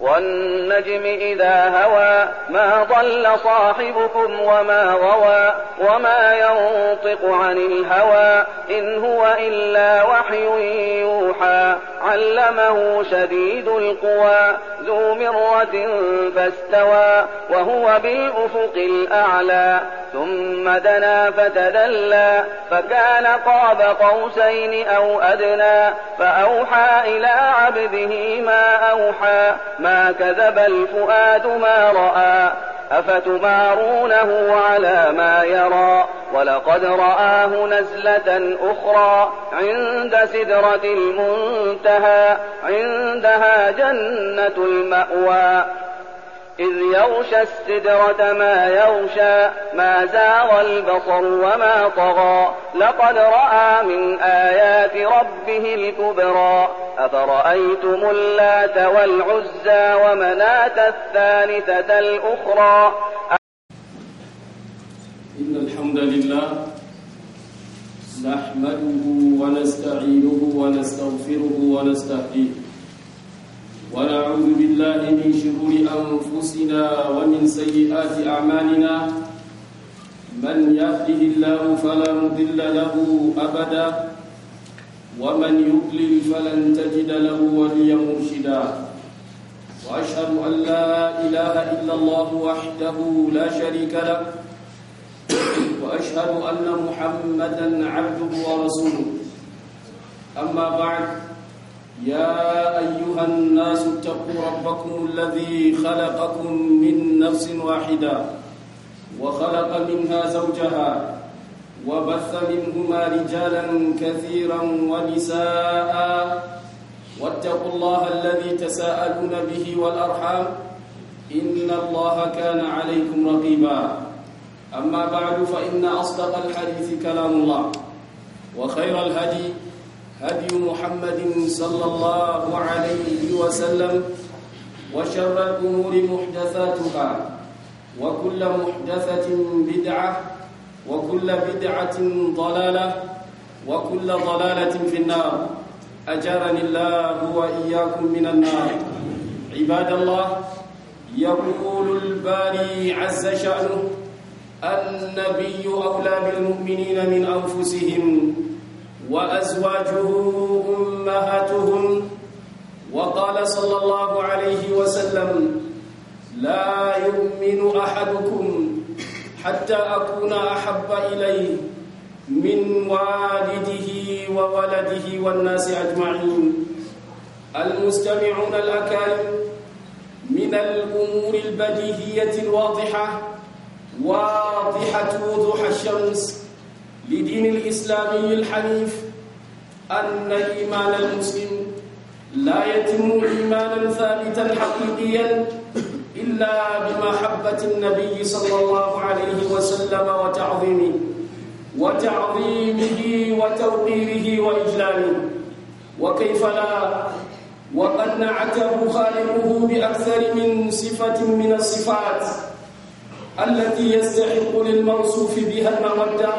والنجم إذا هوى ما ضل صاحبكم وما غوى وما ينطق عن الهوى إن هو إلا وحي يوحى علمه شديد القوى ذو مرة فاستوى وهو بالأفق الأعلى ثم دنا فتدلى فكان قاب قوسين أو أدنى فأوحى إلى عبده ما أوحى ما كذب الفؤاد ما رأى أفتمارونه على ما يرى ولقد رآه نزلة أخرى عند سدرة المنتهى عندها جنة المأوى إذ يغشى السدرة ما يغشى ما زاغ البصر وما طغى لقد رأى من آيات ربه الكبرى أفرأيتم اللات والعزى ومناة الثالثة الأخرى إن الحمد لله نحمده ونستعينه ونستغفره ونستهديه ونعوذ بالله من شرور أنفسنا ومن سيئات أعمالنا من يهده الله فلا مضل له أبدا ومن يضلل فلن تجد له وليا مرشدا وأشهد أن لا إله إلا الله وحده لا شريك له وأشهد أن محمدا عبده ورسوله أما بعد يا ايها الناس اتقوا ربكم الذي خلقكم من نفس واحده وخلق منها زوجها وبث منهما رجالا كثيرا ونساء واتقوا الله الذي تساءلون به والارحام ان الله كان عليكم رقيبا اما بعد فان اصدق الحديث كلام الله وخير الهدي هدي محمد صلى الله عليه وسلم وشر الأمور محدثاتها وكل محدثة بدعة وكل بدعة ضلالة وكل ضلالة في النار أجرني الله وإياكم من النار عباد الله يقول الباري عز شأنه النبي أولى بالمؤمنين من أنفسهم وأزواجه أمهاتهم وقال صلى الله عليه وسلم لا يؤمن أحدكم حتى أكون أحب إليه من والده وولده والناس أجمعين المستمعون الأكارم من الأمور البديهية الواضحة واضحة وضوح الشمس لدين الإسلامي الحنيف أن إيمان المسلم لا يتم إيمانا ثابتا حقيقيا إلا بمحبة النبي صلى الله عليه وسلم وتعظيمه وتعظيمه وتوقيره وإجلاله وكيف لا وقد نعته خالقه بأكثر من صفة من الصفات التي يستحق للموصوف بها المودة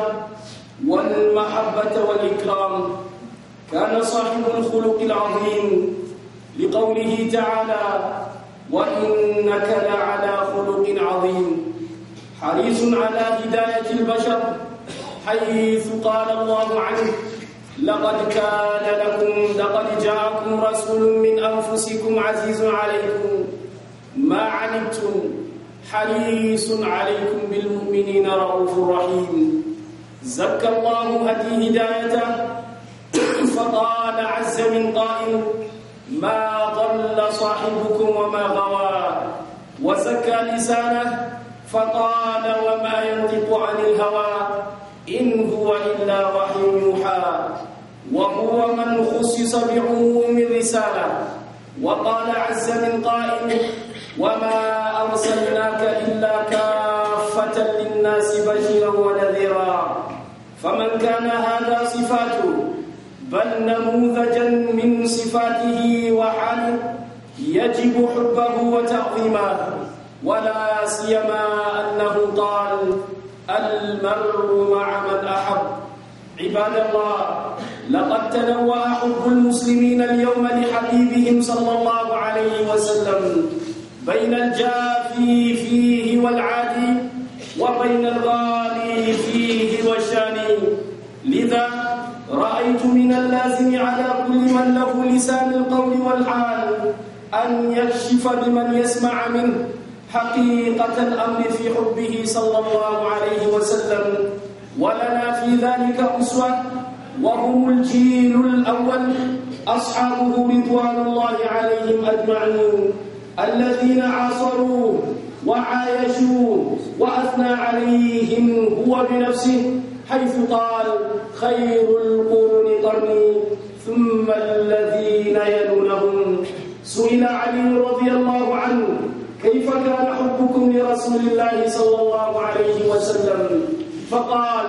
والمحبة والإكرام كان صاحب الخلق العظيم لقوله تعالى وإنك لعلى خلق عظيم حريص على هداية البشر حيث قال الله عنه لقد كان لكم لقد جاءكم رسول من أنفسكم عزيز عليكم ما عنتم حريص عليكم بالمؤمنين رؤوف رحيم زكى الله هدي هدايته فقال عز من قائل ما ضل صاحبكم وما غوى وزكى لسانه فقال وما ينطق عن الهوى إن هو إلا وحي يوحى وهو من خصص بعموم الرسالة وقال عز من قائل وما أرسلناك إلا كافة للناس بشيرا ونذيرا فمن كان هذا صفاته بل نموذجا من صفاته وحاله يجب حبه وتعظيمه ولا سيما انه قال المرء مع من احب عباد الله لقد تنوى حب المسلمين اليوم لحبيبهم صلى الله عليه وسلم بين الجافي فيه والعادي وبين الغالي رأيت من اللازم على كل من له لسان القول والحال أن يكشف لمن يسمع منه حقيقة الأمر في حبه صلى الله عليه وسلم ولنا في ذلك أسوة وهم الجيل الأول أصحابه رضوان الله عليهم أجمعين الذين عاصروه وعايشوه وأثنى عليهم هو بنفسه حيث قال خير القرون قرني ثم الذين يلونهم سئل علي رضي الله عنه كيف كان حبكم لرسول الله صلى الله عليه وسلم فقال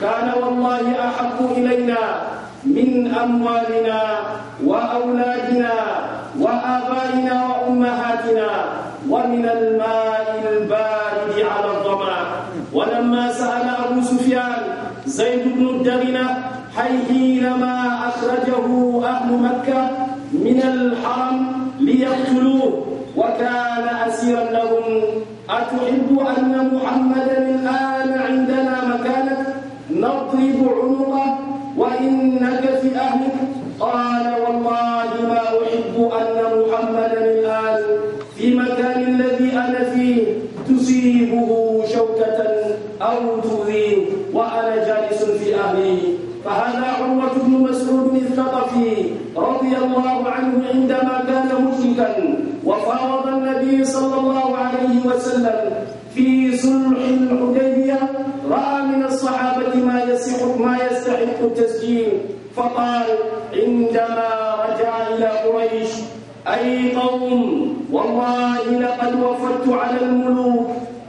كان والله احب الينا من اموالنا واولادنا وابائنا وامهاتنا ومن الماء البارد على الظما ولما سال ابو سفيان زيد بن الدغنة حينما أخرجه أهل مكة من الحرم ليقتلوه وكان أسيرا لهم أتحب أن محمدا الآن عندنا مكانك نضرب عنقه وإنك الدين فقال عندما رجع إلى قريش أي قوم والله لقد وفدت على الملوك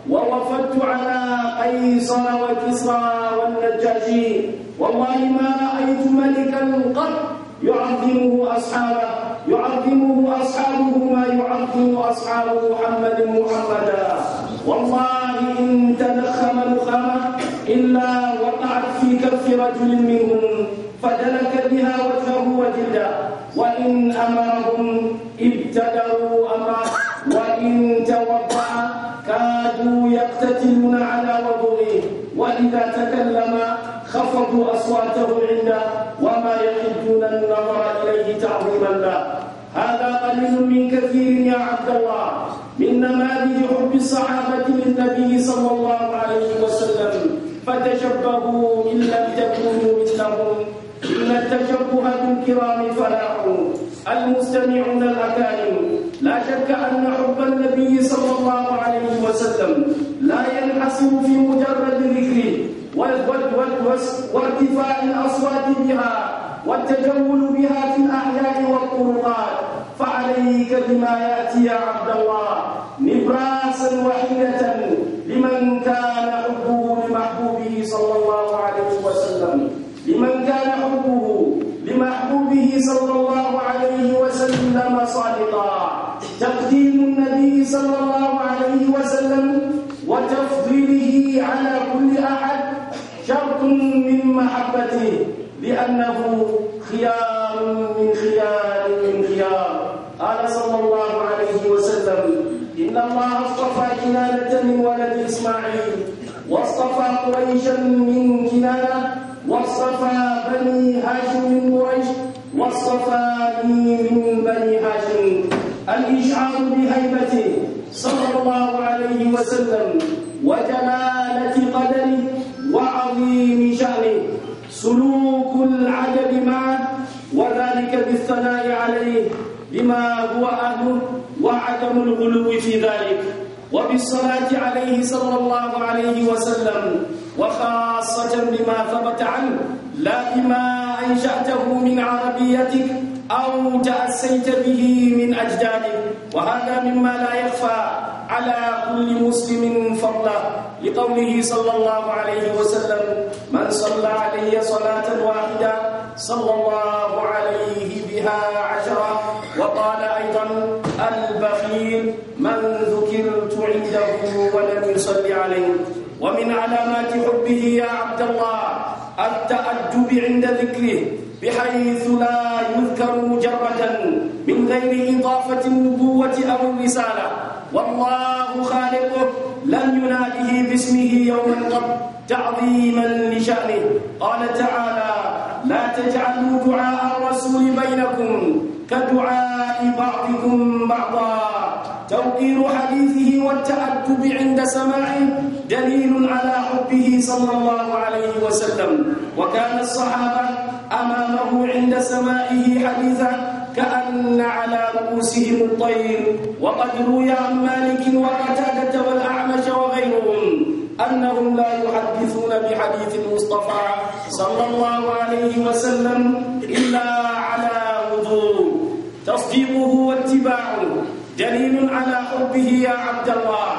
ووفدت على قيصر وكسرى والنجاشي والله ما رأيت ملكا قط يعظمه أصحابه يعظمه أصحابه ما يعظم أصحاب محمد محمدا والله إن تدخم لخمه إلا بكف رجل منهم فدلك بها وجهه وجلده وإن أمرهم ابتدروا أمره وإن توضأ كادوا يقتتلون على وضوئه وإذا تكلم خفضوا أصواتهم عنده وما يحدون النظر إليه تعظيما له هذا قليل من كثير يا عبد الله من نماذج حب الصحابة للنبي صلى الله عليه وسلم فتشبهوا إن لم تكونوا مثلهم إن التشبه بالكرام فلاح المستمعون الأكارم لا شك أن حب النبي صلى الله عليه وسلم لا ينحصر في مجرد ذكره وارتفاع الأصوات بها والتجول بها في الأحياء والطرقات فعليك بما يأتي يا عبد الله نبراسا وحيدة لمن كان حبه لأنه خيار من خيار من خيار قال صلى الله عليه وسلم إن الله اصطفى كنانة من ولد إسماعيل واصطفى قريشا من كنانة واصطفى بني هاشم من قريش واصطفاني من بني هاشم الإشعار بهيبته صلى الله عليه وسلم وجلالة قدره وعظيم شأنه سلوك العدد ما وذلك بالثناء عليه بما هو أهله وعدم الغلو في ذلك وبالصلاة عليه صلى الله عليه وسلم وخاصة بما ثبت عنه لا بما أنشأته من عربيتك أو تأسيت به من أجدادك وهذا مما لا يخفى على كل مسلم فضلا لقوله صلى الله عليه وسلم من صلى علي صلاة واحدة صلى الله عليه بها عشرة وقال أيضا البخيل من ذكرت عنده ولم يصلي عليه ومن علامات حبه يا عبد الله التأدب عند ذكره بحيث لا يذكر مجردا من غير إضافة النبوة أو الرسالة والله خالقه لم يناديه باسمه يوم القبر تعظيما لشأنه قال تعالى لا تجعلوا دعاء الرسول بينكم كدعاء بعضكم بعضا توقير حديثه والتأدب عند سماعه دليل على حبه صلى الله عليه وسلم وكان الصحابة أمامه عند سماعه حديثا كأن على رؤوسهم الطير وقد روي عن مالك وقتادة والأعمش وغيرهم أنهم لا يحدثون بحديث المصطفى صلى الله عليه وسلم إلا على وضوء تصديقه واتباعه دليل على حبه يا عبد الله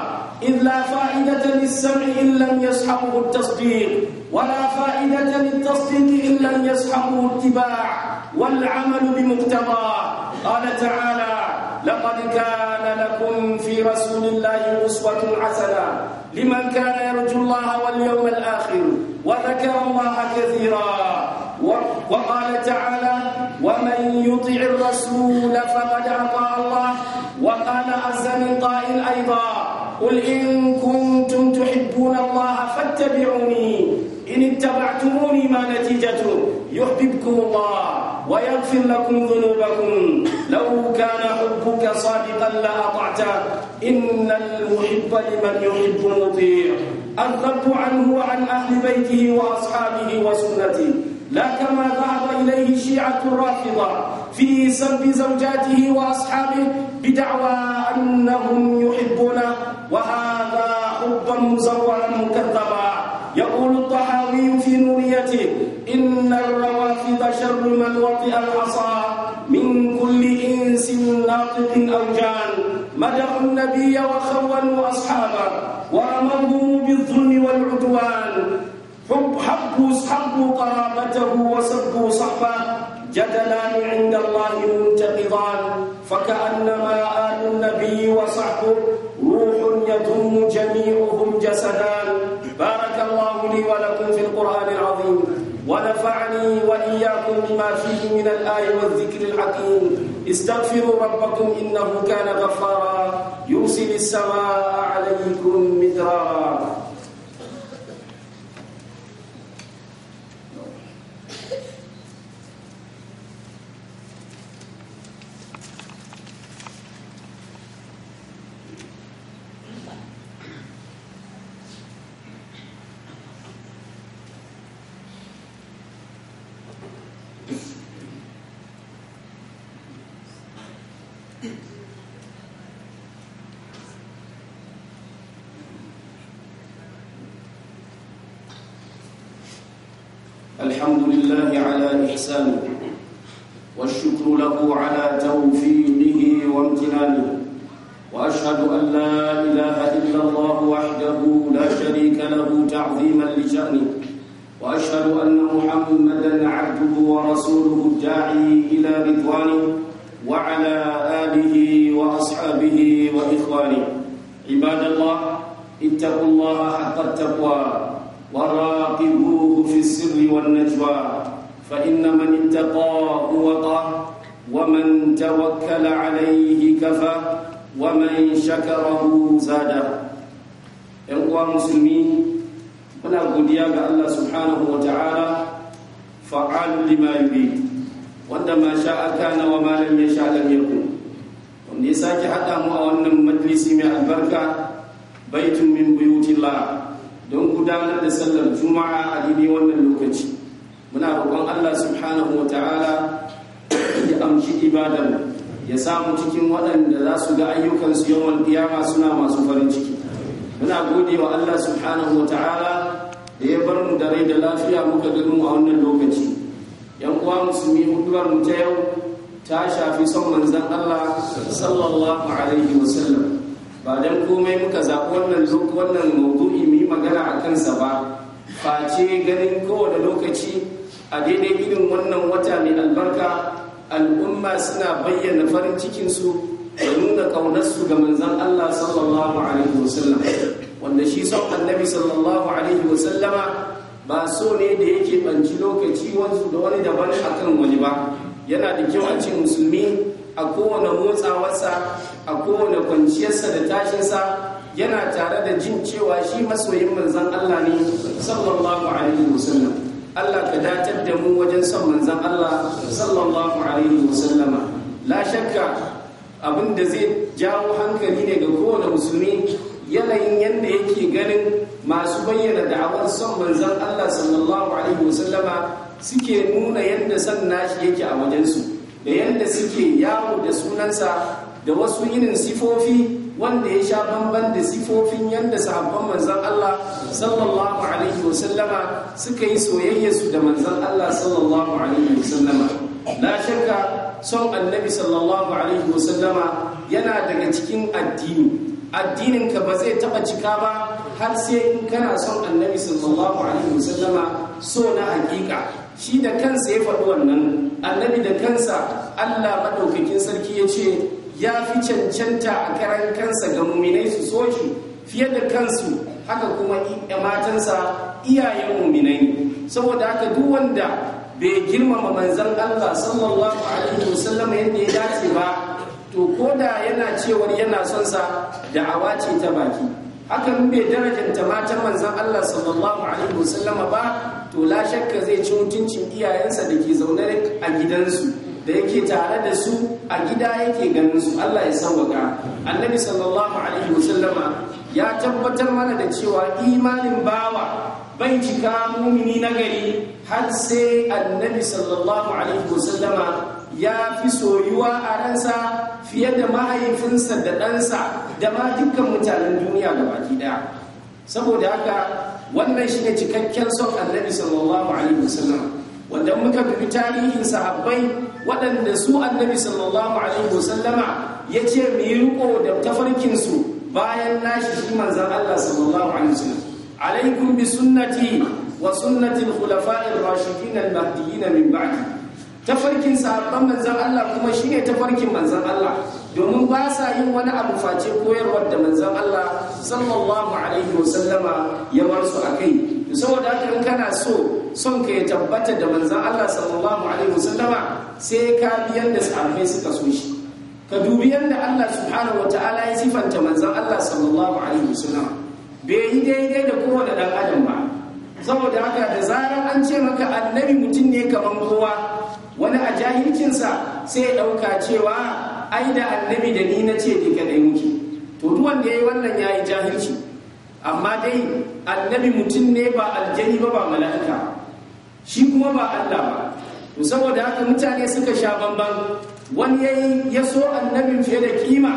إذ لا فائدة للسمع إن لم يصحبه التصديق ولا فائدة للتصديق إن لم يصحبه اتباع والعمل بمقتضاه قال تعالى لقد كان لكم في رسول الله أسوة حسنة لمن كان يرجو الله واليوم الآخر وذكر الله كثيرا وقال تعالى ومن يطع الرسول فقد أطاع الله وقال عز من قائل أيضا قل إن كنتم تحبون الله فاتبعوني إن اتبعتموني ما نتيجته يحببكم الله ويغفر لكم ذنوبكم لو كان حبك صادقا لأطعته إن المحب لمن يحب مطيع الرب عنه وعن أهل بيته وأصحابه وسنته لا كما ذهب إليه الشيعة الرافضة في سب زوجاته وأصحابه بدعوى أنهم يحبونه وهذا حبا مزورا مكذبا يقول الطحاوي في نونيته إن الروافد شر من وطئ العصا من كل إنس ناطق أو جان مدحوا النبي وخونوا أصحابه وأمرهم بالظلم والعدوان حب حبوا حبوا قرابته وسبوا صحبه جدلان عند الله منتقضان فكأنما استغفروا ربكم إنه كان غفارا يرسل السماء musulmi muna godiya ga Allah subhanahu wa ta'ala fa'alu lima yubi wanda ma sha'a kana wa ma lam yasha lam yakun wanda ya sake hada mu a wannan majalisi mai albarka baitun min buyutillah don gudanar da sallar juma'a a dini wannan lokaci muna roƙon Allah subhanahu wa ta'ala ya amshi ibadan ya samu cikin waɗanda za su ga ayyukansu yawan ƙiyama suna masu farin ciki muna gode wa Allah subhanahu wa ta'ala da ya bar mu da rai da lafiya muka gano a wannan lokaci yan uwa musulmi hudubar mu ta yau ta shafi son manzan Allah sallallahu alaihi wasallam ba dan komai muka zaɓi wannan wannan maudu'i mu yi magana a kansa ba face ganin kowane lokaci a daidai irin wannan wata mai albarka al'umma suna bayyana farin cikinsu da nuna ƙaunarsu ga manzan Allah sallallahu alaihi wasallam wanda shi son annabi sallallahu alaihi wasallama ba so ne da yake banci lokaci wansu da wani daban kan wani ba yana da kyau a ce musulmi a kowane motsawarsa a kowane kwanciyarsa da tashinsa yana tare da jin cewa shi masoyin manzan Allah ne sallallahu alaihi wasallam Allah ka datar da mu wajen son manzan Allah sallallahu alaihi wasallama la shakka abin da zai jawo hankali ne ga kowane musulmi yanayin yadda yake ganin masu bayyana da'awar son manzon Allah sallallahu alaihi wasallama suke nuna yadda son nashi yake a wajensu da yadda suke yawo da sunansa da wasu irin sifofi wanda ya sha bamban da sifofin yadda sahabban manzan Allah sallallahu alaihi wasallama suka yi soyayyarsu da manzan Allah sallallahu alaihi wasallama Na shakka son annabi sallallahu alaihi wasallama yana daga cikin addini addininka ba zai taba cika ba har sai in kana son annabi sallallahu alaihi wasallama so na hakika shi da kansa ya faɗi wannan annabi da kansa Allah maɗaukakin sarki ya ce ya fi cancanta a karan kansa ga muminai su so shi fiye da kansu haka kuma matansa iyayen muminai saboda haka duk wanda bai girmama manzon Allah sallallahu alaihi wasallam yadda ya dace ba to ko da yana cewar yana son sa da'awa ce ta baki hakan bai ta matan manzon Allah sallallahu alaihi wasallama ba to la shakka zai ci mutuncin iyayensa da ke zaune a gidansu da yake tare da su a gida yake ganin su Allah ya sauwaka annabi sallallahu alaihi wasallama ya tabbatar mana da cewa imanin bawa bai cika mumini na gari har sai annabi sallallahu alaihi wasallama ya fi soyuwa a ransa fiye da mahaifinsa da ɗansa da ma dukkan mutanen duniya gabaki ɗaya saboda haka wannan shi ne cikakken son annabi sallallahu alaihi wasallam wanda muka dubi tarihin sahabbai waɗanda su annabi sallallahu alaihi wasallama ya ce mai yi riko da tafarkinsu bayan nashi shi manzan Allah sallallahu alaihi wasallam alaikum bi sunnati وسنة الخلفاء الراشدين المهديين من بعدي tafarkin sahabban manzan Allah kuma shine tafarkin manzan Allah domin ba sa yin wani abu face koyarwar da manzan Allah sallallahu alaihi wasallama ya bar su akai saboda haka in kana so son ka ya tabbata da manzan Allah sallallahu alaihi wasallama sai ka bi yanda sahabbai suka so shi ka dubi yanda Allah subhanahu wata'ala ya sifanta manzon Allah sallallahu alaihi wasallam bai yi daidai da kowane dan adam ba saboda haka da zarar an ce maka annabi mutum ne kamar kowa wani a jahilcinsa sai ya ɗauka cewa ai da annabi da ni na ce ka ɗaya muke to duk wanda ya yi wannan ya yi jahilci amma dai annabi mutum ne ba aljani ba ba mala'ika shi kuma ba Allah ba to saboda haka mutane suka sha bamban wani yayi ya so annabin fiye da kima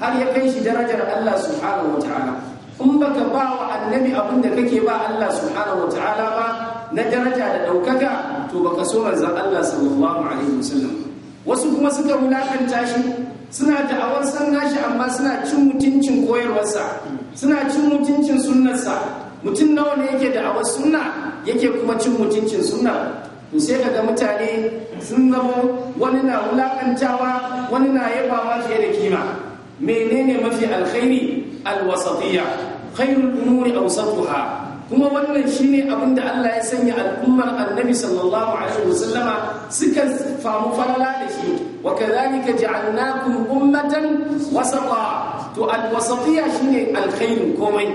har ya kai shi darajar Allah subhanahu wataala in baka ba wa annabi abin da kake ba Allah subhanahu ta'ala ba na daraja da ɗaukaka to baka so maza Allah sallallahu alaihi wasallam wasu kuma suka wulakanta shi suna da'awar san nashi amma suna cin mutuncin koyarwarsa suna cin mutuncin sunnarsa mutum nawa ne yake da'awar sunna yake kuma cin mutuncin sunna to sai daga mutane sun zama wani na wulakantawa wani na yabawa fiye da kima menene mafi alkhairi alwasatiyya khairul umuri awsatuha kuma wannan shine abinda Allah ya sanya al'ummar annabi sallallahu alaihi wasallama suka famu falala da shi wa kadhalika ja'alnakum ummatan wasata to alwasatiyya shine alkhairu komai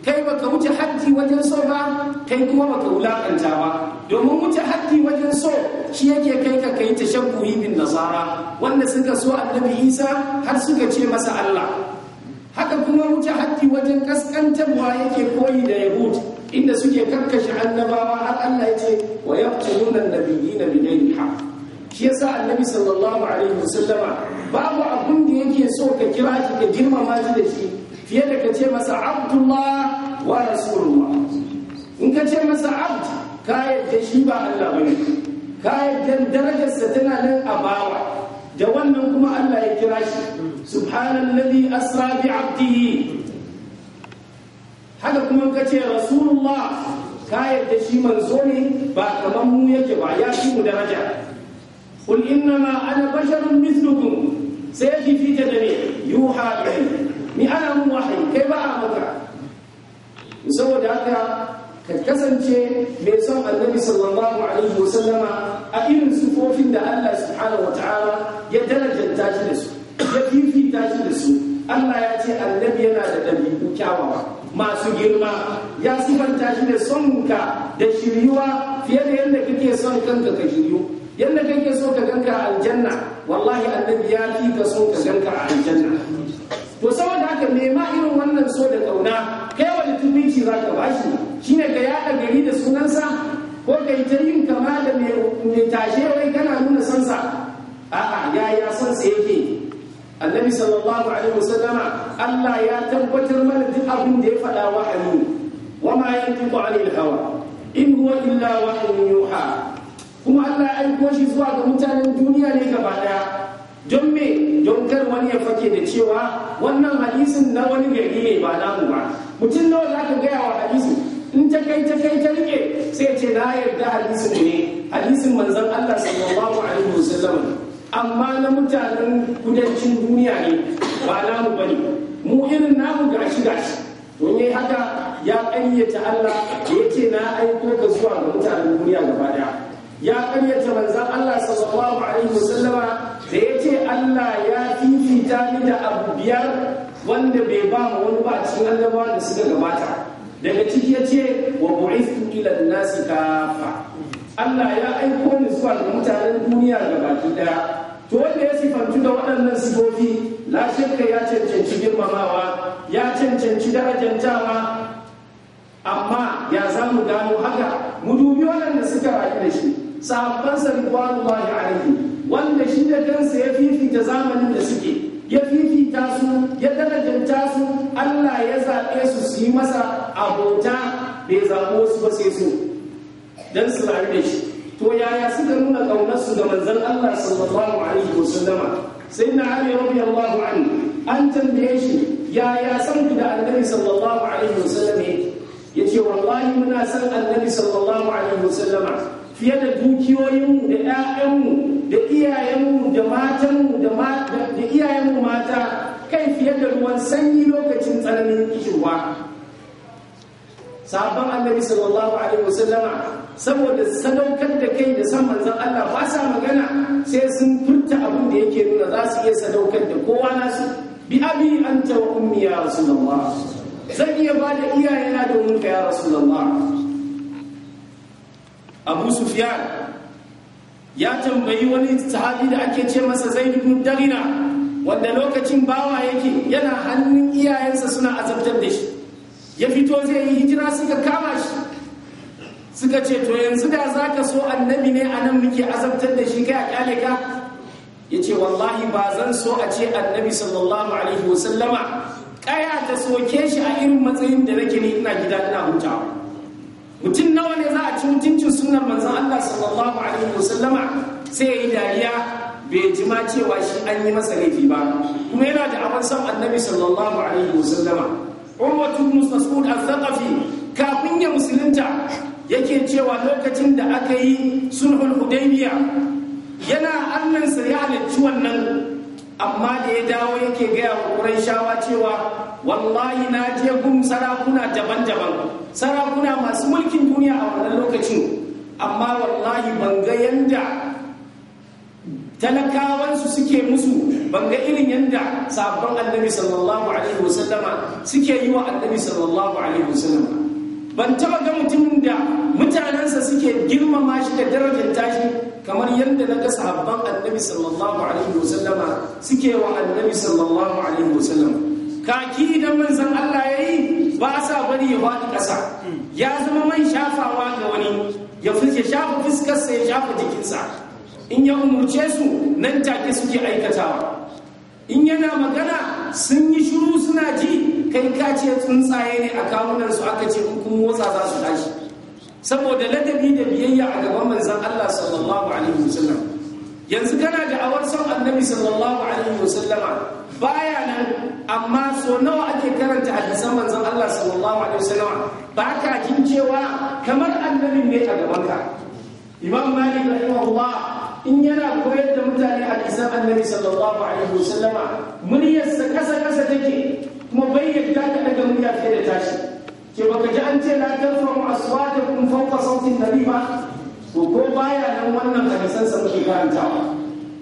kai baka wuce hajji wajen so ba kai kuma baka wulakanta ba domin wuce haddi wajen so shi yake kai ka kai tashabbuhi bin nasara wanda suka so annabi isa har suka ce masa allah haka kuma wuce haddi wajen kaskantarwa yake koyi da yahud inda suke karkashe annabawa har allah ya ce wa yaqtuluna an na bighayri haqq shi yasa annabi sallallahu alaihi wasallama babu abun da yake so ka kira shi ka girmama shi da shi fiye da ka ce masa abdullah wa rasulullah in ka ce masa abd ka yadda shi ba Allah bane ka yadda darajarsa tana nan a bawa da wannan kuma Allah ya kira shi subhanallazi asra bi abdihi haka kuma ka ce rasulullah ka yadda shi manzo ne ba kamar mu yake ba ya fi mu daraja qul ma ana basharun mithlukum sai yake fita da ne yuha ni ana mun wahayi kai ba a maka saboda haka ka kasance mai son annabi sallallahu alaihi wasallama a irin sufofin da Allah subhanahu ta'ala ya darajanta shi da su ya fifita shi da su Allah ya ce annabi yana da dabi'u kyawawa masu girma ya sifanta shi da son ka da shiryuwa fiye da yadda kake son kanka ka shiryu yadda kake so ka ganka a aljanna wallahi annabi ya fi ka so ka ganka a aljanna to saboda haka nema irin wannan so da kauna kai wani tubici za ka bashi shine ka yaɗa gari da sunansa ko ka yi ta yin kama da mai tashe wai kana nuna sansa a'a yaya sansa yake annabi sallallahu alaihi wasallama Allah ya tabbatar mana duk abin da ya faɗa wahayi wa ma yantiqu anil hawa in huwa illa wahyun yuha kuma Allah ya aiko shi zuwa ga mutanen duniya ne gaba daya don me don kar wani ya fake da cewa wannan hadisin na wani gari ne ba namu ba mutum nawa za ka gaya wa hadisin in ta kai ta kai ta rike sai ce na yarda hadisin ne hadisin manzon Allah sallallahu alaihi wasallam amma na mutanen kudancin duniya ne ba na namu bane mu irin namu gashi gashi to ne haka ya ƙaryata Allah ya ce na aiko ka zuwa ga mutanen duniya gaba daya ya ƙaryata manzon Allah sallallahu alaihi wasallam da ya ce Allah ya fifita ni da abu biyar wanda bai ba mu wani ba cikin annabawa da suka gabata daga ciki ya ce wa bu'istu ila nasi kafa Allah ya aiko ni zuwa ga mutanen duniya ga daya to wanda ya sifantu da waɗannan sifofi la shakka ya cancanci girmamawa ya cancanci darajantawa amma ya samu gano haka mu dubi waɗanda suka rayu da shi sahabban sa da alaihi wanda shi da kansa ya fifita zamanin da suke ya fifita su ya darajanta su Allah ya zaɓe su su yi masa abota bai zaɓo su ba sai su don su rayu da shi to yaya suka nuna ƙaunarsu ga manzan Allah sallallahu alaihi wasallama sai na Ali radiyallahu anhu an tambaye shi yaya san ku da Annabi sallallahu alaihi wasallama yace wallahi muna san Annabi sallallahu alaihi wasallama fiye da dukiyoyinmu da 'ya'yanmu da iyayenmu da matanmu da iyayenmu mata kai fiye da ruwan sanyi lokacin tsananin kishirwa sabon annabi sallallahu alaihi wasallama saboda sadaukar da kai da san manzon Allah ba sa magana sai sun furta abin da yake nuna za su iya sadaukar da kowa nasu bi abi anta wa ummi ya rasulullah zan iya ba da iyayena domin ka ya rasulullah abu sufyan ya tambayi wani sahabi da ake ce masa zaid ibn darina wanda lokacin bawa yake yana hannun iyayensa suna azabtar da shi ya fito zai yi hijira suka kama shi suka ce to yanzu da za ka so annabi ne a nan muke azabtar da shi kai a kyale ka ya ce wallahi ba zan so a ce annabi sallallahu alaihi wasallama kaya ta soke shi a irin matsayin da nake ne ina gida ina hutawa sunan manzon Allah sallallahu alaihi wasallama sai yi dariya bai ji ma cewa shi an yi masa laifi ba kuma yana da abin san annabi sallallahu alaihi wasallama Umar ibn Mas'ud al-Thaqafi kafin ya musulunta yake cewa lokacin da aka yi sulhul Hudaybiya yana annan sa ya halicci wannan amma da ya dawo yake gaya wa Qurayshawa cewa wallahi na je gum sarakuna daban-daban sarakuna masu mulkin duniya a wannan lokacin amma wallahi ban ga yanda talakawansu suke musu ban ga irin yanda sabon annabi sallallahu alaihi wasallama suke yi wa annabi sallallahu alaihi wasallama ban taba ga mutum da mutanensa suke girmama shi da darajar tashi kamar yadda na ga sabon annabi sallallahu alaihi wasallama suke wa annabi sallallahu alaihi wasallama kaki idan manzon Allah yayi ba sa bari ya faɗi ƙasa ya zama man shafawa ga wani ya shafa fuskarsa ya shafa jikinsa in ya umurce su nan take suke aikatawa in yana magana sun yi shiru suna ji kai ka ce tsuntsaye ne a kawunan su aka ce kun motsa za su tashi saboda ladabi da biyayya a gaban manzon Allah sallallahu alaihi wasallam yanzu kana da awar son annabi sallallahu alaihi wasallama baya nan amma so nawa ake karanta hadisan manzon Allah sallallahu alaihi wasallam ba ka jin cewa kamar annabin ne a gaban ka imam malik rahimahullah in yana koyar da mutane hadisan annabi sallallahu alaihi wasallam muryarsa kasa kasa take kuma bai yadda ka daga murya fiye da tashi ke baka ji an ce la tarfa'u aswatakum fawqa sautin nabi ba to ko baya nan wannan hadisan sa muke karantawa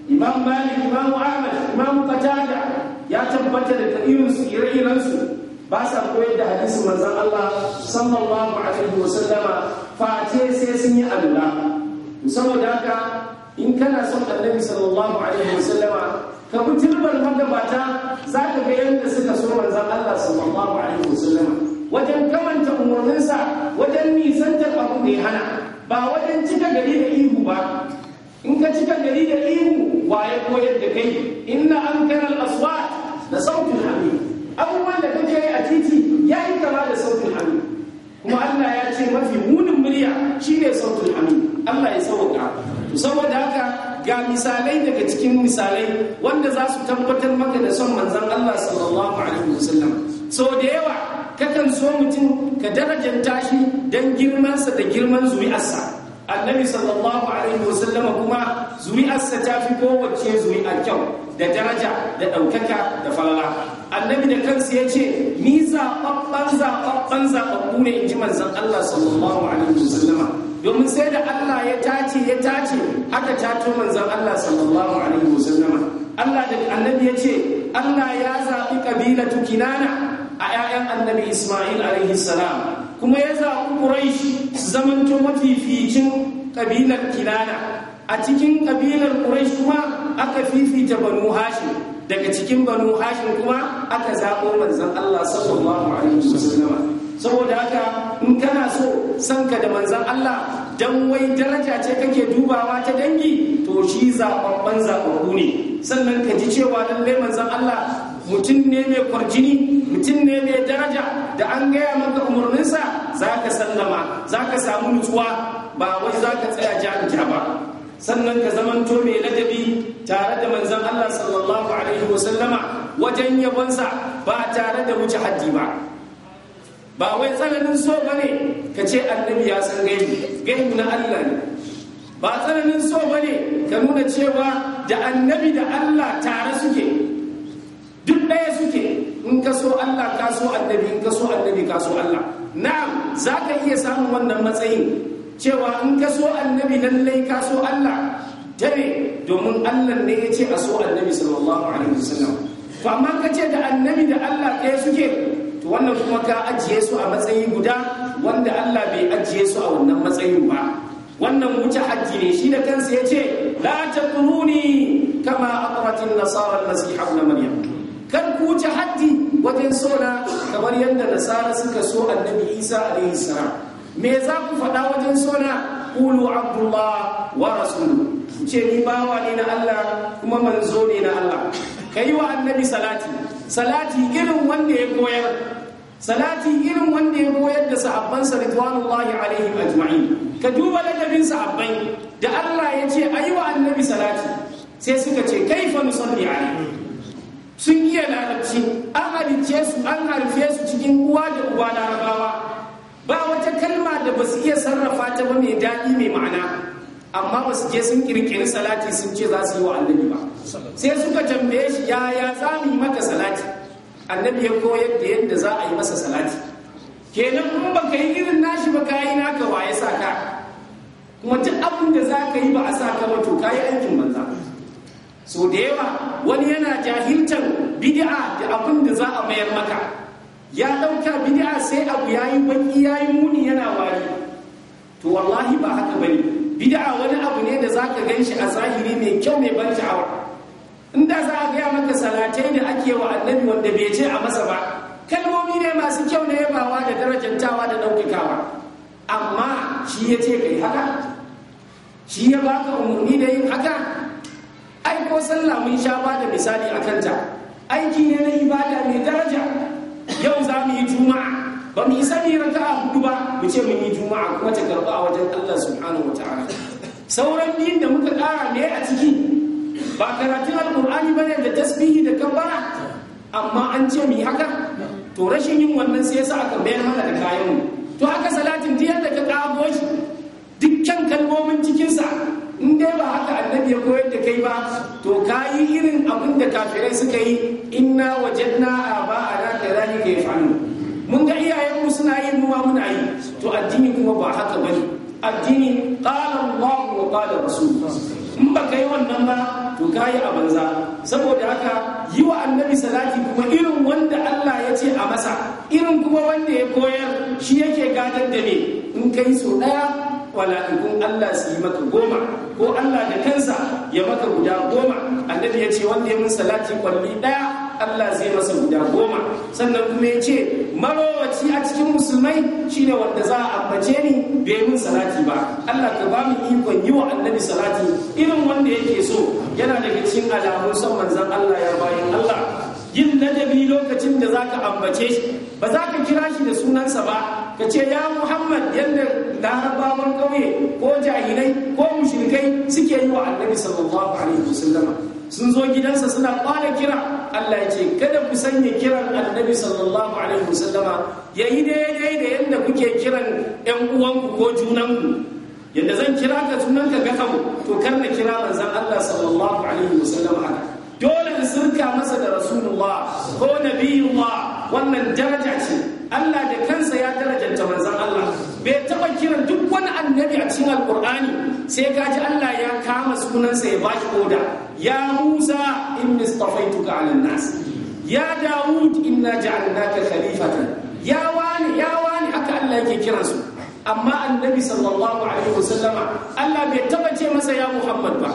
imam malik imam ahmad imam qatada ya tabbata da irin su ire-iren su ba sa koyar da hadisi manzan Allah sallallahu alaihi wasallama face sai sun yi alula saboda haka in kana son annabi sallallahu alaihi wasallama ka bi tilbar magabata za ka ga yadda suka so manzan Allah sallallahu alaihi wasallama wajen kamanta umarninsa wajen nisantar abin da ya hana ba wajen cika gari da ihu ba in ka cika gari da ihu wa ya koyar da kai inna an al aswat da sautin hannu. abubuwan da kake yi a titi ya yi kama da sautin hannu. kuma Allah ya ce mafi munin murya shine sautin hannu. Allah ya sauka saboda haka ga misalai daga cikin misalai wanda za su tabbatar maka da son manzon Allah sallallahu alaihi wasallam so da yawa kakan so mutum ka darajanta shi don girmansa da girman zuri'arsa annabi sallallahu alaihi sallama kuma zuri'arsa ta fi kowace zuri'ar kyau da daraja da ɗaukaka da falala annabi da kansa ya ce ni zaɓaɓɓan zaɓaɓɓan zaɓaɓɓu ne in ji manzan allah sallallahu alaihi sallama domin sai da allah ya tace ya tace haka tato manzan allah sallallahu alaihi sallama allah da annabi ya ce allah ya zaɓi ƙabilatu kinana a 'ya'yan annabi isma'il alaihi salam kuma ya zaɓi quraish su zamanto mafificin ƙabilar kinana a cikin ƙabilar quraish kuma aka fifita banu hashim daga cikin banu hashim kuma aka zaɓo manzon allah sallallahu alaihi wasallam saboda haka in kana so sanka da manzan Allah dan wai daraja ce kake dubawa ta dangi to shi zaɓaɓɓen zaɓaɓɓu ne sannan ka ji cewa lallai manzan Allah mutum ne mai kwarjini mutum ne mai daraja da an gaya maka umarninsa za ka sallama za ka samu nutsuwa ba wai za ka tsaya jami'a ba sannan ka zamanto mai ladabi tare da manzan Allah sallallahu alaihi wasallama wajen yabonsa ba tare da wuce haddi ba ba wai tsananin so ba ne ka ce annabi ya san gaibi gaibi na Allah ne ba tsananin so ba ne ka nuna cewa da annabi da Allah tare suke duk suke in ka so Allah ka so annabi in ka so annabi ka so Allah na'am za ka iya samun wannan matsayin cewa in ka so annabi lallai ka so Allah tare domin Allah ne ya ce a so annabi sallallahu alaihi wasallam to amma ka ce da annabi da Allah ɗaya suke to wannan kuma ka ajiye su a matsayi guda wanda Allah bai ajiye su a wannan matsayin ba wannan wuce hajji ne shi da kansa ya ce la taquluni kama aqratin nasara al ibn maryam ku wuce haddi wajen sona kamar yadda nasara suka so annabi isa alaihi salam me za ku faɗa wajen sona Kulu abdullah wa rasulu ce ni bawa ne na Allah kuma manzo ne na Allah kai wa annabi salati salati irin wanda ya koyar salati irin wanda ya koyar da sahabbansa ridwanullahi alaihi ajma'in ka duba ladabin sahabbai da Allah ya ce ayi wa annabi salati sai suka ce kaifa nusalli alaihi sun iya larabci an halice su an harfe su cikin uwa da uwa larabawa ba wata kalma da ba su iya sarrafa ta ba mai daɗi mai ma'ana amma ba su je sun kirkiri salati sun ce za su yi wa annabi ba sai suka tambaye shi yaya za mu yi maka salati annabi ya koyar da yadda za a yi masa salati kenan kuma ba ka yi irin nashi ba ka yi naka waye sa ka kuma duk abin da za ka yi ba a sa ka ba to ka yi aikin banza so da yawa wani yana jahiltar bid'a da abin da za a mayar maka ya ɗauka bid'a sai abu ya yi yayi ya yi muni yana wari to wallahi ba haka ba ne. bid'a wani abu ne da za zaka shi a zahiri mai kyau mai ban sha'awa inda za a gaya maka salatai da ake wa annabi wanda bai ce a masa ba kalmomi ne masu kyau na yabawa da darajantawa da ɗaukakawa amma shi ya ce kai haka shi ya baka umarni da yin haka ai ko sallah mun sha ba da misali a kanta aiki ne na ibada mai daraja yau za mu yi juma'a ba mu yi sani a hudu ba mu ce mun yi juma'a kuma ta karɓa a wajen Allah subhanahu ta'ala sauran biyun da muka kara ne a ciki ba karatun alkur'ani ne da tasbihi da kabbara amma an ce mu yi haka to rashin yin wannan sai yasa aka bayar mana da kayan mu to haka salatin diyar da ka kago shi dukkan kalmomin cikinsa in dai ba haka annabi ya koyar da kai ba to ka yi irin abin da kafirai suka yi inna wajadna aba'ana kadhalika yaf'alun mun ga iyayenmu suna yi mu ma muna yi to addini kuma ba haka bane addini qala Allah wa qala rasul in ba kai wannan ba to ka yi a banza saboda haka yi wa annabi salati kuma irin wanda Allah ya ce a masa irin kuma wanda ya koyar shi yake gadar da ne in kai so daya mala'ikun Allah su yi maka goma ko Allah da kansa ya maka guda goma annabi ya ce wanda ya mun salati kwalli daya Allah zai masa guda goma sannan kuma ya ce marowaci a cikin musulmai shine wanda za a ambace ni bai mun salati ba Allah ka ba mu ikon yi wa annabi salati irin wanda yake so yana daga cikin alamun son manzon Allah ya bayin Allah yin ladabi lokacin da za ka ambace shi ba za ka kira shi da sunansa ba ka ce ya muhammad yadda larabawan ƙauye ko jahilai ko mushrikai suke yi wa annabi sallallahu alaihi wasallama sun zo gidansa suna ƙwala kira allah ya ce kada ku sanya kiran annabi sallallahu alaihi wasallama ya yi daidai da yadda kuke kiran yan uwanku ko junanku yadda zan kira ka sunanka ga kamu to kar na kira manzon allah sallallahu alaihi wasallama haka dole in sirka masa da rasulullah ko nabiyullah wannan daraja ce Allah da kansa ya darajanta manzon Allah bai taba kiran duk wani annabi a cikin alkur'ani sai ka ji Allah ya kama sunansa ya bashi koda ya Musa in mistafaituka ala nas ya Dawud inna ja'alnaka khalifatan ya wani ya wani aka Allah yake kiransu amma annabi sallallahu alaihi wasallama Allah bai taba ce masa ya Muhammad ba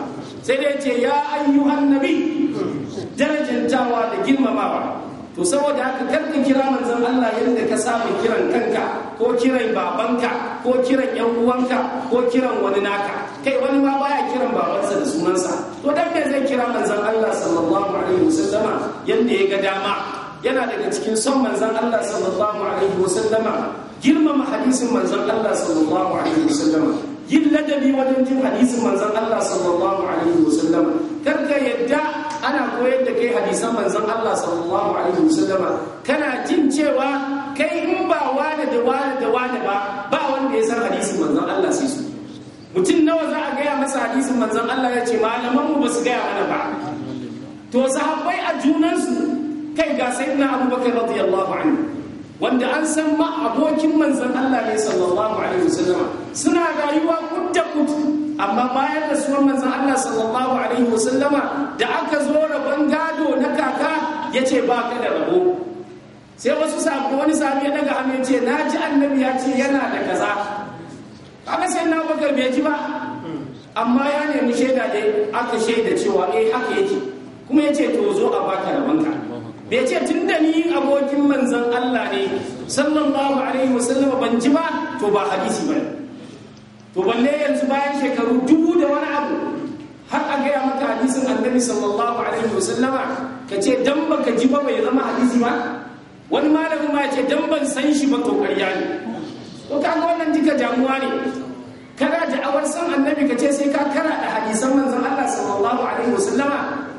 sai dai ce ya ayyuhan nabi darajantawa da girmamawa to saboda haka karka kira manzon Allah yadda ka samu kiran kanka ko kiran babanka ko kiran yan uwanka ko kiran wani naka kai wani ma baya kiran babansa da sunansa to dan me zai kira manzon Allah sallallahu alaihi wasallama yadda ya ga dama yana daga cikin son manzon Allah sallallahu alaihi wasallama girmama hadisin manzon Allah sallallahu alaihi wasallama yin ladabi wajen jin hadisin manzon Allah sallallahu alaihi wasallam kar ka yadda ana koyar da kai hadisan manzon Allah sallallahu alaihi wasallama kana jin cewa kai in ba wani da wani da wani ba ba wanda ya san hadisin manzon Allah sai su mutum nawa za a gaya masa hadisin manzon Allah ya ce malaman mu ba su gaya mana ba to sahabbai a junansu kai ga sayyidina Abubakar radiyallahu anhu wanda an san ma abokin manzan Allah ne sallallahu alaihi wasallama suna rayuwa kudda kudu amma bayan da suwan manzan Allah sallallahu alaihi wasallama da aka zo rabon gado na kaka ya ce ba ka da rabo sai wasu sabu wani sabu ya daga hannu ce na ji annabi ya ce yana da kaza kaga sai na baka bai ji ba amma ya nemi shaida dai aka shaida cewa eh haka yake kuma ya ce to zo a baka rabon ka ya ce tun da ni abokin manzan Allah ne sallallahu alaihi sallama ban ji ba to ba hadisi ba to balle yanzu bayan shekaru dubu da wani abu har a gaya maka hadisin annabi sallallahu alaihi sallama? ka ce dan baka ji ba bai zama hadisi ba wani malamin ma ce dan ban san shi ba to ƙarya ne to ga wannan duka damuwa ne kana da awar san annabi ka ce sai ka kara da hadisan manzon Allah sallallahu alaihi sallama?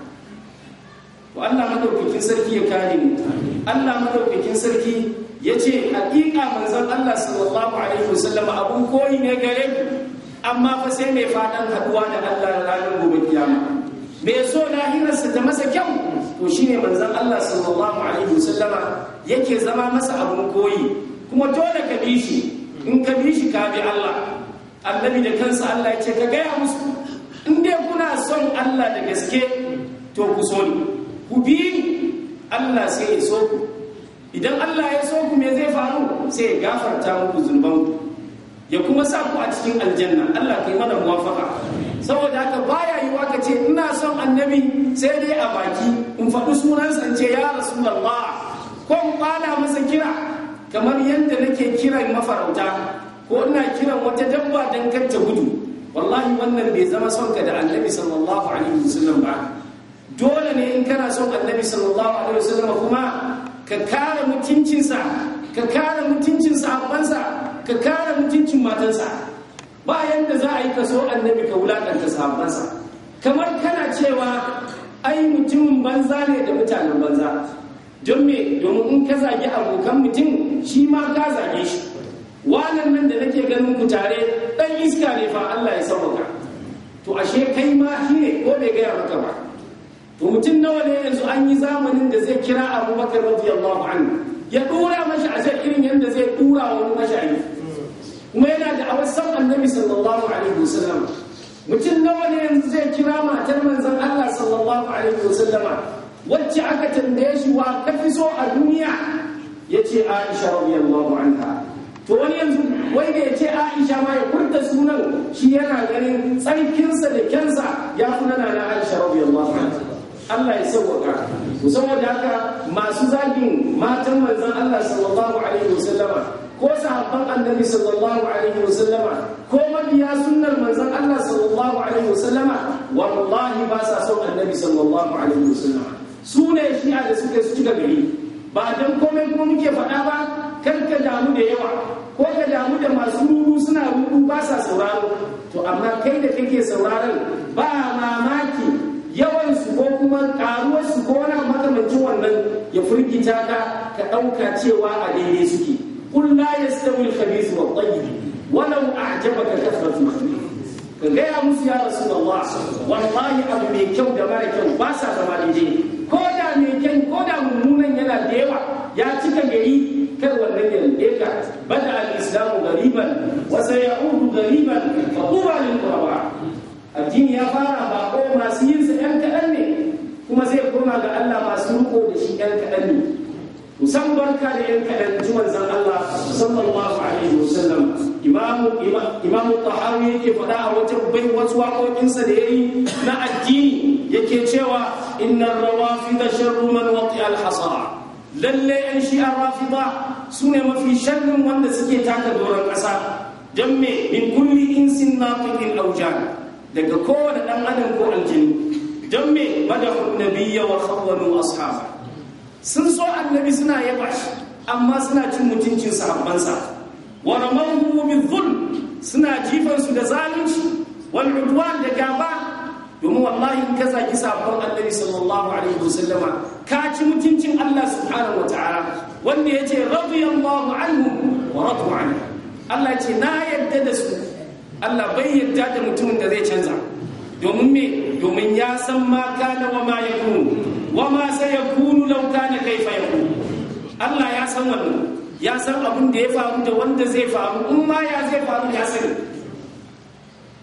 to Allah madaukakin sarki ya kare mu Allah madaukakin sarki yace hakika manzon Allah sallallahu alaihi wasallam abun koyi ne gare mu amma fa sai mai fadan haduwa da Allah ranar gobe kiyama Me so sa ta masa kyau to shine manzon Allah sallallahu alaihi wasallama yake zama masa abun koyi kuma dole ka bi shi in ka bi shi ka bi Allah annabi da kansa Allah ya ce ka gaya musu in dai kuna son Allah da gaske to ku so ni ku bi Allah sai ya so ku idan Allah ya so ku me zai faru sai ya gafarta muku zunubanku ya kuma sa ku a cikin aljanna Allah kai mana muwafaka saboda haka baya yi waka ce ina son annabi sai dai a baki in faɗi sunansa ce ya rasulullah ko in kwana masa kira kamar yadda nake kiran mafarauta ko ina kiran wata dabba dan kanta gudu wallahi wannan bai zama son ka da annabi sallallahu alaihi wasallam ba dole ne in kana son annabi sallallahu alaihi wasallam kuma ka kare mutuncinsa ka kare mutuncin sahabbansa ka kare mutuncin matansa ba yanda za a yi kaso annabi ka wulakanta sahabbansa kamar kana cewa ai mutumin banza ne da mutanen banza don me domin in ka zagi abokan mutum shi ma ka zage shi wannan nan da nake ganin ku tare dan iska ne fa Allah ya sauka to ashe kai ma shi ne ko bai gaya maka ba mutum nawa ne yanzu an yi zamanin da zai kira abubakar radiyallahu anhu ya dora mashi a irin yadda zai dora wani mashayi kuma yana da awasan annabi sallallahu alaihi wasallam mutum nawa ne yanzu zai kira matar manzon Allah sallallahu alaihi wasallama wacce aka tambaye shi wa kafi so a duniya Ya ce Aisha radiyallahu anha to wani yanzu wai da ya ce aisha ma ya furta sunan shi yana ganin tsarkinsa da kyansa ya fi nana na aisha rabiyallahu anha Allah ya sauwaka to saboda haka masu zagin matan manzan Allah sallallahu alaihi wasallama ko sahabban annabi sallallahu alaihi wasallama ko mabiya sunnar manzan Allah sallallahu alaihi wasallama wallahi ba sa son annabi sallallahu alaihi wasallama su ne a da suke su cika gari ba dan komai kuma muke faɗa ba kan ka damu da yawa ko ka damu da masu rubu suna rubu ba sa sauraro to amma kai da kake sauraron ba mamaki yawan su ko kuma karuwar su ko wani makamancin wannan ya firgita ka ka ɗauka cewa a daidai suke kul la ya al-khabith wa at-tayyib walau a'jabaka kathratu ka gaya musu ya rasulullah wallahi abu mai kyau da mara kyau ba sa zama daidai ko da mai kyau ko da mummunan yana da yawa ya cika gari kar wannan ya da bada al-islamu gariban wa sayaudu gariban fa kuma lil-qurba addini ya fara ba masu yin sa ɗan kaɗan ne kuma zai koma ga Allah masu riko da shi ɗan kaɗan ne musan barka da ɗan kaɗan ji manzon Allah sallallahu alaihi wasallam imamu imamu tahawi yake faɗa a wajen bai wasu waƙoƙinsa da yayi na addini yake cewa inna rawafida sharru man waqi al hasara lalle yan shi'ar rafida su ne mafi sharrin wanda suke taka doron ƙasa don mai min kulli insin naqiqin aujan daga kowane ɗan adam ko aljini don me madahu nabiyya wa khawwanu ashaba sun so annabi suna yaba shi amma suna cin mutuncin sahabbansa wa ramahu bi suna jifan su da zalunci wani udwan da gaba domin wallahi in ka zaki sabon annabi sallallahu alaihi wasallama ka ci mutuncin Allah subhanahu wa ta'ala wanda yace radiyallahu anhu wa radu anhu Allah ce na yadda da su Allah bai yarda da mutumin da zai canza domin me domin ya san ma kana wa ma yakunu wa ma sayakunu law kana kaifa yakunu Allah ya san wannan ya san abin da ya faru da wanda zai faru in ma ya zai faru ya sani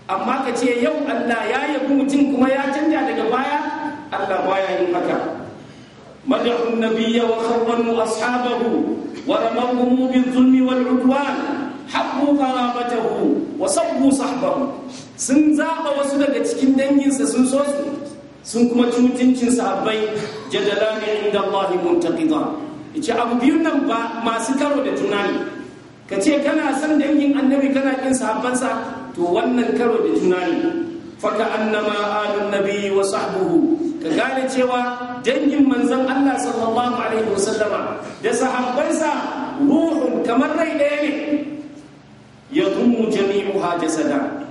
amma ka ce yau Allah ya yabi mutum kuma ya canja daga baya Allah baya yin haka madahu nabiyya wa khawwanu ashabahu wa ramahu bil zulmi wal udwan habbu qarabatahu wa sabbu sahbahu sun zaba wasu daga cikin danginsa sun so su sun kuma cutuncin sahabbai jadalani inda Allah muntaqida ce abu biyu nan ba masu karo da juna ne kace kana san dangin annabi kana kin sahabbansa to wannan karo da juna ne faka annama alun nabi wa sahbuhu ka gane cewa dangin manzon Allah sallallahu alaihi wasallama da sahabbansa ruhun kamar rai ɗaya ne yadhummu jami'uha jasada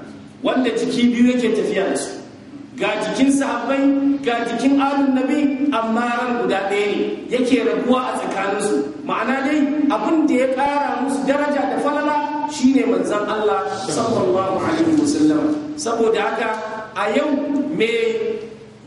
wanda jiki biyu yake tafiya da su ga jikin sahabbai ga jikin alun nabi amma ran guda ɗaya ne yake rabuwa a tsakaninsu ma'ana dai abin da ya ƙara musu daraja da falala shine manzon Allah sallallahu alaihi wasallam saboda haka a yau me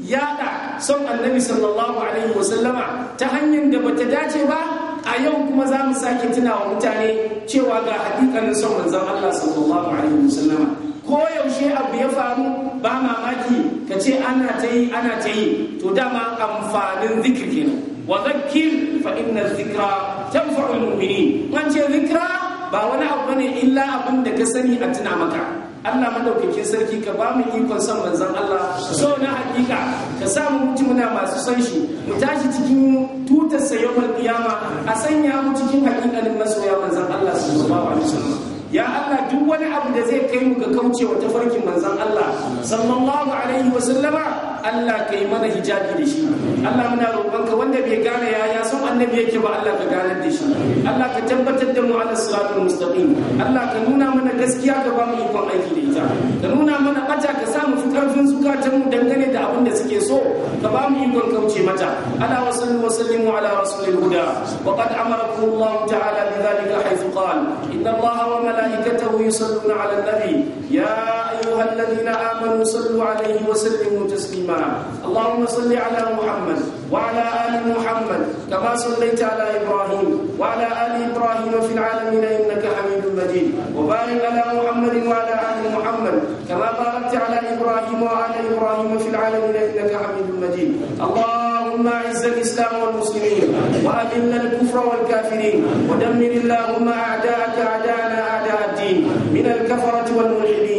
yada son annabi sallallahu alaihi wasallama ta hanyar da bata dace ba a yau kuma za mu sake tuna wa mutane cewa ga hakikanin son manzon Allah sallallahu alaihi wasallama ko yaushe abu ya faru ba mamaki ka ce ana ta yi ana ta yi to dama amfanin zikir kenan wa zakkir fa inna zikra tanfa'ul mu'minin an ce zikra ba wani abu ne illa abin da ka sani a tuna maka Allah madaukakin sarki ka ba mu ikon son manzon Allah so na hakika ka sa mu mutu muna masu son shi mu tashi cikin tutar sayyafar kiyama a sanya mu cikin hakikalin masoya manzon Allah sallallahu alaihi wasallam ya Allah duk wani abu da zai kai mu ga kaucewa tafarkin manzon Allah sallallahu alaihi wasallama Allah ka yi mana hijabi da shi Allah muna roƙonka wanda bai gane ya ya san annabi yake ba Allah ka ganar da shi Allah ka tabbatar da mu ala siratul mustaqim Allah ka nuna mana gaskiya ka ba mu ikon aiki da ita ka nuna mana bata ka sa mu fitarfin zukatan mu dangane da abin da suke so ka ba mu ikon kauce mata ala wa sallu ala rasulil huda wa qad amarakum Allah ta'ala bi dhalika haythu qala inna Allah wa malaikatahu yusalluna ala an-nabi ya أيها الذين آمنوا صلوا عليه وسلموا تسليما اللهم صل على محمد وعلى آل محمد كما صليت على إبراهيم وعلى آل إبراهيم في العالمين إنك حميد مجيد وبارك على محمد وعلى آل محمد كما باركت على إبراهيم وعلى إبراهيم في العالمين إنك حميد مجيد الله اللهم اعز الاسلام والمسلمين واذل الكفر والكافرين ودمر اللهم اعداءك اعداءنا اعداء الدين من الكفره والملحدين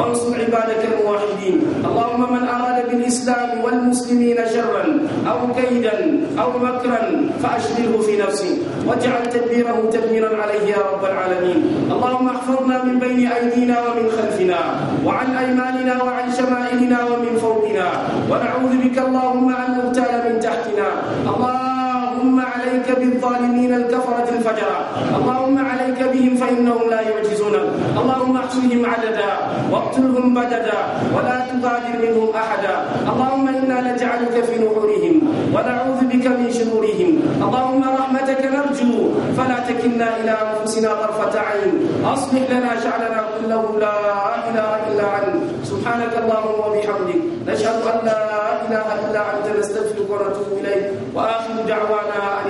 وانصر عبادك الموحدين اللهم من أراد بالإسلام والمسلمين شرا أو كيدا أو مكرا فأشغله في نفسه واجعل تدبيره تدميرا عليه يا رب العالمين اللهم احفظنا من بين أيدينا ومن خلفنا وعن أيماننا وعن شمائلنا ومن فوقنا ونعوذ بك اللهم أن نغتال من تحتنا اللهم عليك بالظالمين الكفرة الفجرة اللهم عليك بهم فإنهم لا يعجزون اللهم احصهم عددا واقتلهم بددا ولا تغادر منهم احدا اللهم انا نجعلك في نحورهم ونعوذ بك من شرورهم اللهم رحمتك نرجو فلا تكلنا الى انفسنا طرفه عين اصلح لنا شعرنا كله لا اله الا انت سبحانك اللهم وبحمدك نشهد ان لا اله الا انت نستغفرك ونتوب اليك واخر دعوانا ان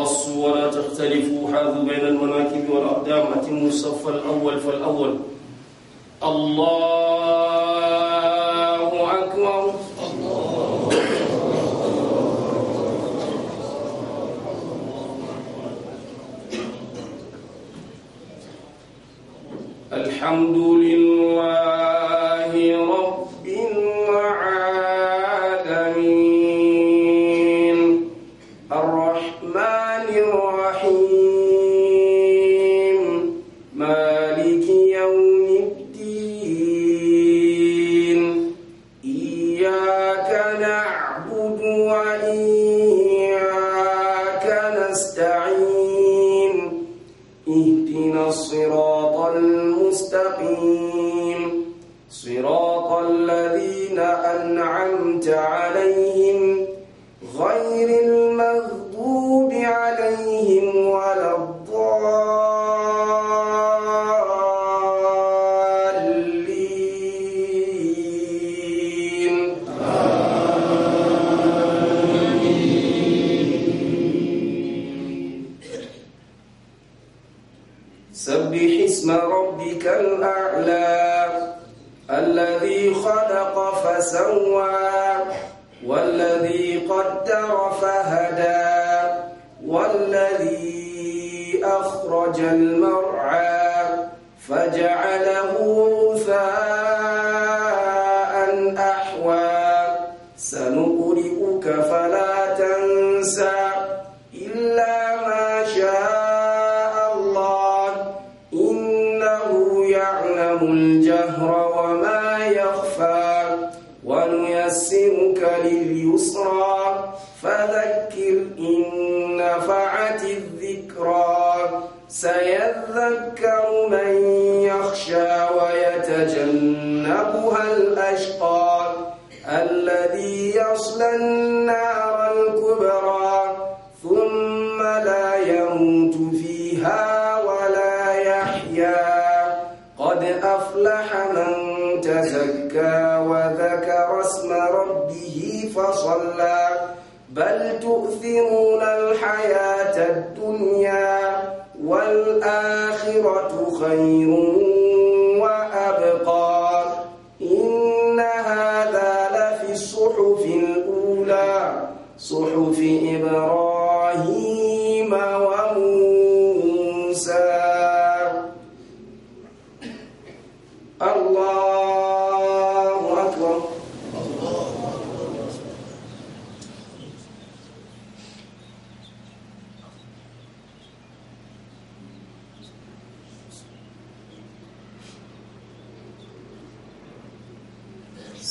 واختلفوا حاذوا بين المناكب والأقدام أتموا الصف الأول فالأول الله أكبر الحمد لله المرعى فجعله ثابتا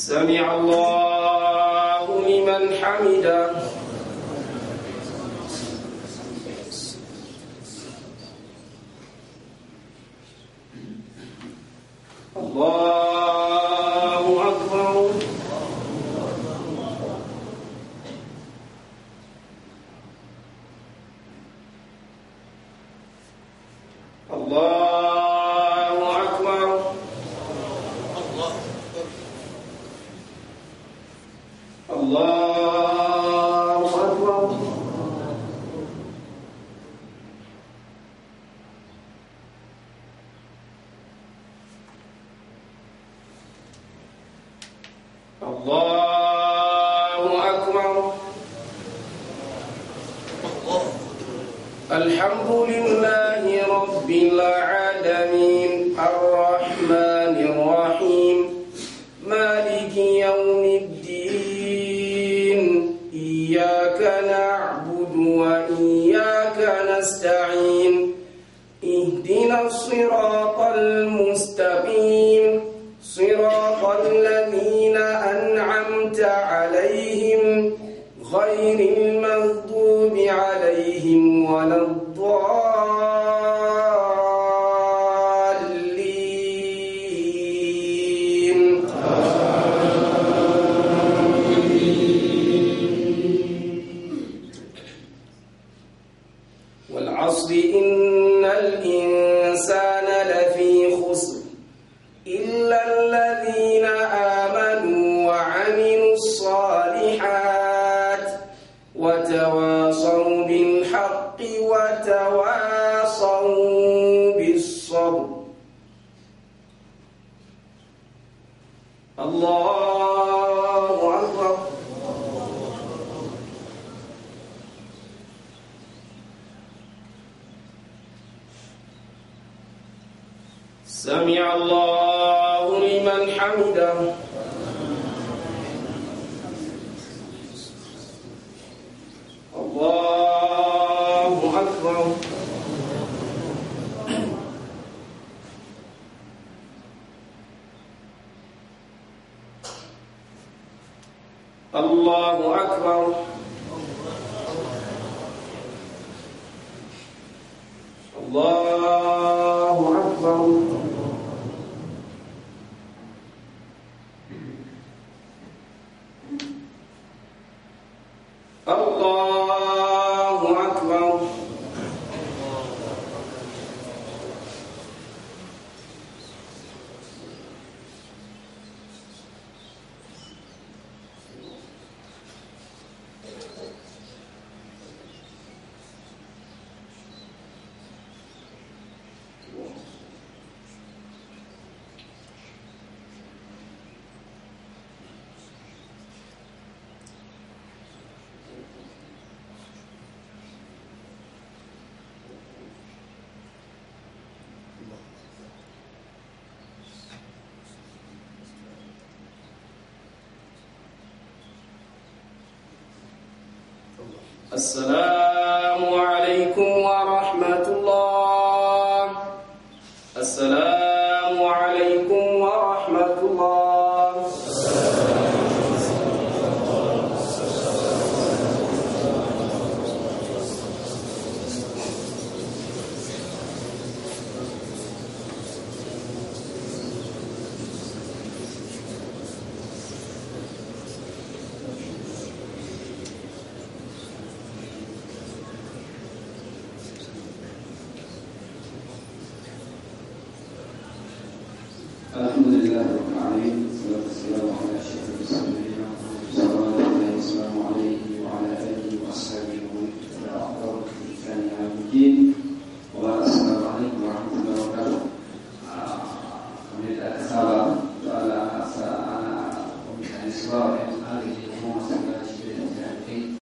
سمع الله لمن حمده السلام